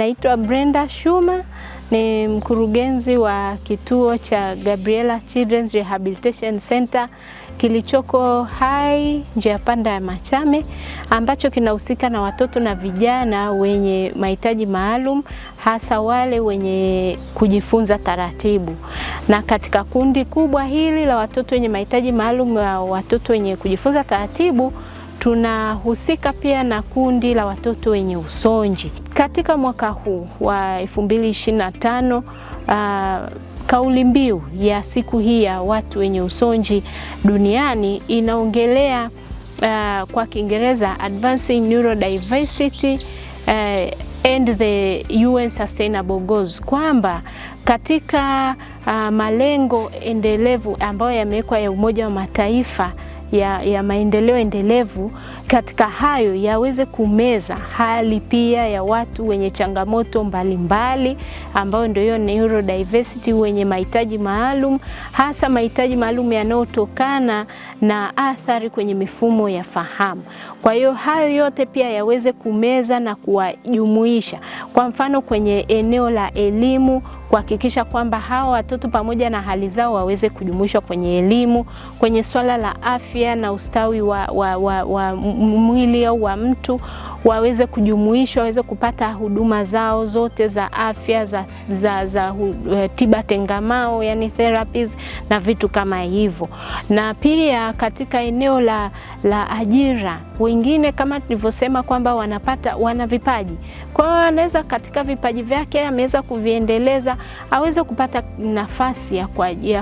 Ninaitwa Brenda Shuma, ni mkurugenzi wa kituo cha Gabriela Children's Rehabilitation Center kilichoko Hai, njia panda ya Machame, ambacho kinahusika na watoto na vijana wenye mahitaji maalum, hasa wale wenye kujifunza taratibu. Na katika kundi kubwa hili la watoto wenye mahitaji maalum wa watoto wenye kujifunza taratibu Tunahusika pia na kundi la watoto wenye usonji. Katika mwaka huu wa 2025 uh, kauli mbiu ya siku hii ya watu wenye usonji duniani inaongelea uh, kwa Kiingereza Advancing Neurodiversity uh, and the UN Sustainable Goals kwamba katika uh, malengo endelevu ambayo yamewekwa ya Umoja wa Mataifa ya, ya maendeleo endelevu katika hayo yaweze kumeza hali pia ya watu wenye changamoto mbalimbali ambayo ndio hiyo neurodiversity, wenye mahitaji maalum, hasa mahitaji maalum yanayotokana na athari kwenye mifumo ya fahamu. Kwa hiyo hayo yote pia yaweze kumeza na kuwajumuisha, kwa mfano kwenye eneo la elimu kuhakikisha kwamba hawa watoto pamoja na hali zao waweze kujumuishwa kwenye elimu, kwenye swala la afya afya na ustawi wa, wa, wa, wa mwili au wa mtu waweze kujumuishwa, waweze kupata huduma zao zote za afya za, za, za uh, tiba tengamao, yani therapies na vitu kama hivyo. Na pia katika eneo la, la ajira, wengine kama tulivyosema kwamba wanapata wana vipaji, kwa hiyo anaweza katika vipaji vyake ameweza kuviendeleza, aweze kupata nafasi ya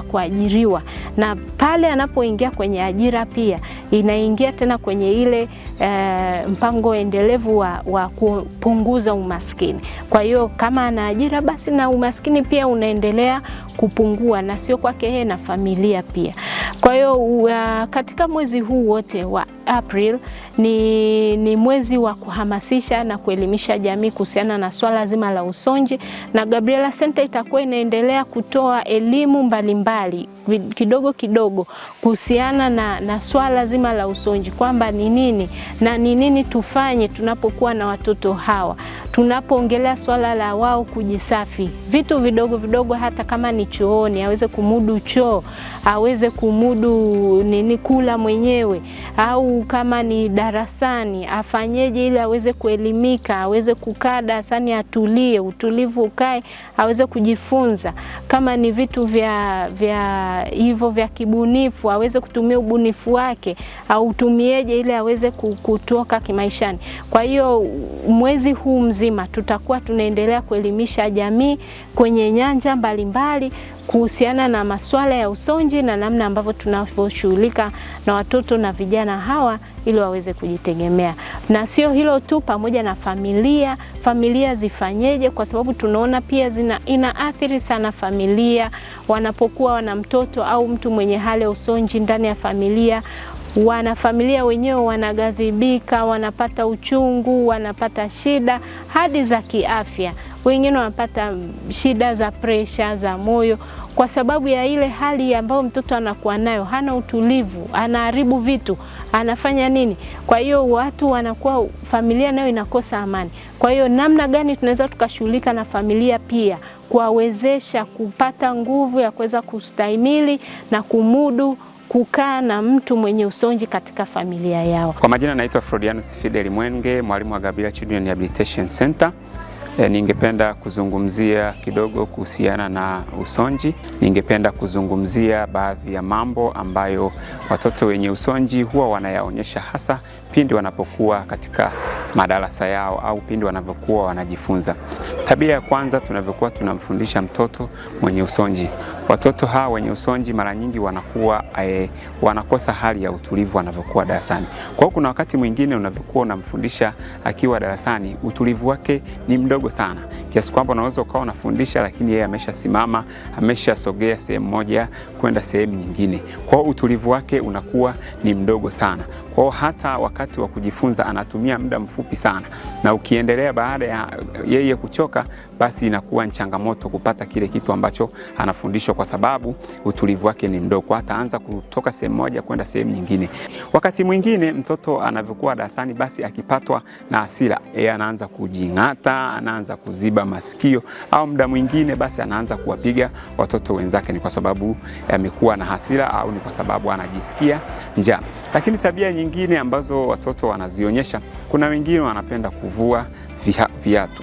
kuajiriwa, na pale anapoingia kwenye ajira pia inaingia tena kwenye ile uh, mpango endelevu wa, wa kupunguza umaskini. Kwa hiyo kama ana ajira basi na umaskini pia unaendelea kupungua na sio kwake yeye na familia pia. Kwa hiyo katika mwezi huu wote wa April ni, ni mwezi wa kuhamasisha na kuelimisha jamii kuhusiana na swala zima la usonji, na Gabriela Center itakuwa inaendelea kutoa elimu mbalimbali mbali, kidogo kidogo kuhusiana na, na swala zima la usonji kwamba ni nini na ni nini tufanye tunapokuwa na watoto hawa, tunapoongelea swala la wao kujisafi, vitu vidogo vidogo, hata kama ni chooni, aweze kumudu choo, aweze kumudu nini kula mwenyewe, au kama ni darasani afanyeje ili aweze kuelimika, aweze kukaa darasani, atulie, utulivu ukae, aweze kujifunza. Kama ni vitu vya vya hivyo vya kibunifu, aweze kutumia ubunifu wake, au utumieje ili aweze kutoka kimaishani. Kwa hiyo mwezi huu mzima tutakuwa tunaendelea kuelimisha jamii kwenye nyanja mbalimbali mbali, kuhusiana na masuala ya usonji na namna ambavyo tunavyoshughulika na watoto na vijana hawa ili waweze kujitegemea. Na sio hilo tu, pamoja na familia, familia zifanyeje? Kwa sababu tunaona pia zina athiri sana familia wanapokuwa wana mtoto au mtu mwenye hali ya usonji ndani ya familia wanafamilia wenyewe wanaghadhibika, wanapata uchungu, wanapata shida hadi za kiafya wengine wanapata shida za presha za moyo, kwa sababu ya ile hali ambayo mtoto anakuwa nayo, hana utulivu, anaharibu vitu, anafanya nini. Kwa hiyo watu wanakuwa, familia nayo inakosa amani. Kwa hiyo namna gani tunaweza tukashughulika na familia pia kuwawezesha kupata nguvu ya kuweza kustahimili na kumudu kukaa na mtu mwenye usonji katika familia yao. Kwa majina naitwa Frodianus Fidel Mwenge, mwalimu wa Gabriel Children Rehabilitation Center. E, ningependa kuzungumzia kidogo kuhusiana na usonji. Ningependa kuzungumzia baadhi ya mambo ambayo watoto wenye usonji huwa wanayaonyesha hasa pindi wanapokuwa katika madarasa yao au pindi wanavyokuwa wanajifunza. Tabia ya kwanza, tunavyokuwa tunamfundisha mtoto mwenye usonji. Watoto hawa wenye usonji mara nyingi wanakuwa e, wanakosa hali ya utulivu wanavyokuwa darasani. Kwa hiyo kuna wakati mwingine unavyokuwa unamfundisha akiwa darasani, utulivu wake ni mdogo sana kiasi kwamba unaweza ukawa unafundisha, lakini yeye ameshasimama, ameshasogea sehemu moja kwenda sehemu nyingine. Kwa hiyo utulivu wake unakuwa ni mdogo sana. Kwa hiyo hata wakati wa kujifunza anatumia muda mfupi mfupi sana, na ukiendelea baada ya yeye kuchoka, basi inakuwa ni changamoto kupata kile kitu ambacho anafundishwa, kwa sababu utulivu wake ni mdogo, ataanza kutoka sehemu moja kwenda sehemu nyingine. Wakati mwingine mtoto anavyokuwa darasani, basi akipatwa na hasira, yeye anaanza kujing'ata, anaanza kuziba masikio, au muda mwingine basi anaanza kuwapiga watoto wenzake. Ni kwa sababu amekuwa na hasira au ni kwa sababu anajisikia njaa. Lakini tabia nyingine ambazo watoto wanazionyesha, kuna wengine wanapenda kuvua viatu.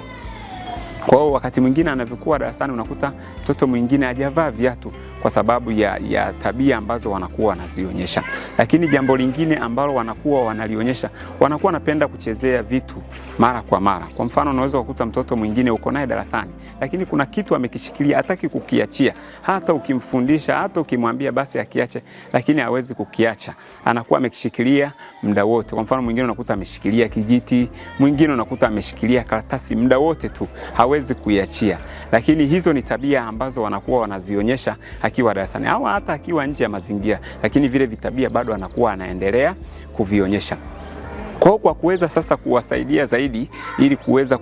Kwa hiyo wakati mwingine anavyokuwa darasani unakuta mtoto mwingine hajavaa viatu, kwa sababu ya, ya tabia ambazo wanakuwa wanazionyesha. Lakini jambo lingine ambalo wanakuwa wanalionyesha, wanakuwa wanapenda kuchezea vitu mara kwa mara. Kwa mfano, unaweza kukuta mtoto mwingine uko naye darasani, lakini kuna kitu amekishikilia, hataki kukiachia. Hata ukimfundisha, hata ukimwambia basi akiache, lakini hawezi kukiacha, anakuwa amekishikilia muda wote. Kwa mfano, mwingine unakuta ameshikilia kijiti, mwingine unakuta ameshikilia karatasi muda wote tu, hawezi kuiachia. Lakini hizo ni tabia ambazo wanakuwa wanazionyesha akiwa darasani au hata akiwa nje ya mazingira, lakini vile vitabia bado anakuwa anaendelea kuvionyesha. Kwa kwa kuweza sasa kuwasaidia zaidi ili kuweza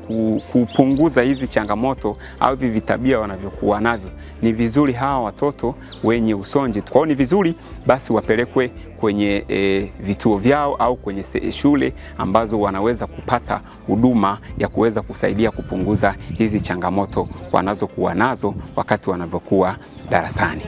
kupunguza hizi changamoto au hivi vitabia wanavyokuwa navyo, ni vizuri hawa watoto wenye usonji, kwa ni vizuri basi wapelekwe kwenye e, vituo vyao au kwenye shule ambazo wanaweza kupata huduma ya kuweza kusaidia kupunguza hizi changamoto wanazokuwa nazo wakati wanavyokuwa darasani.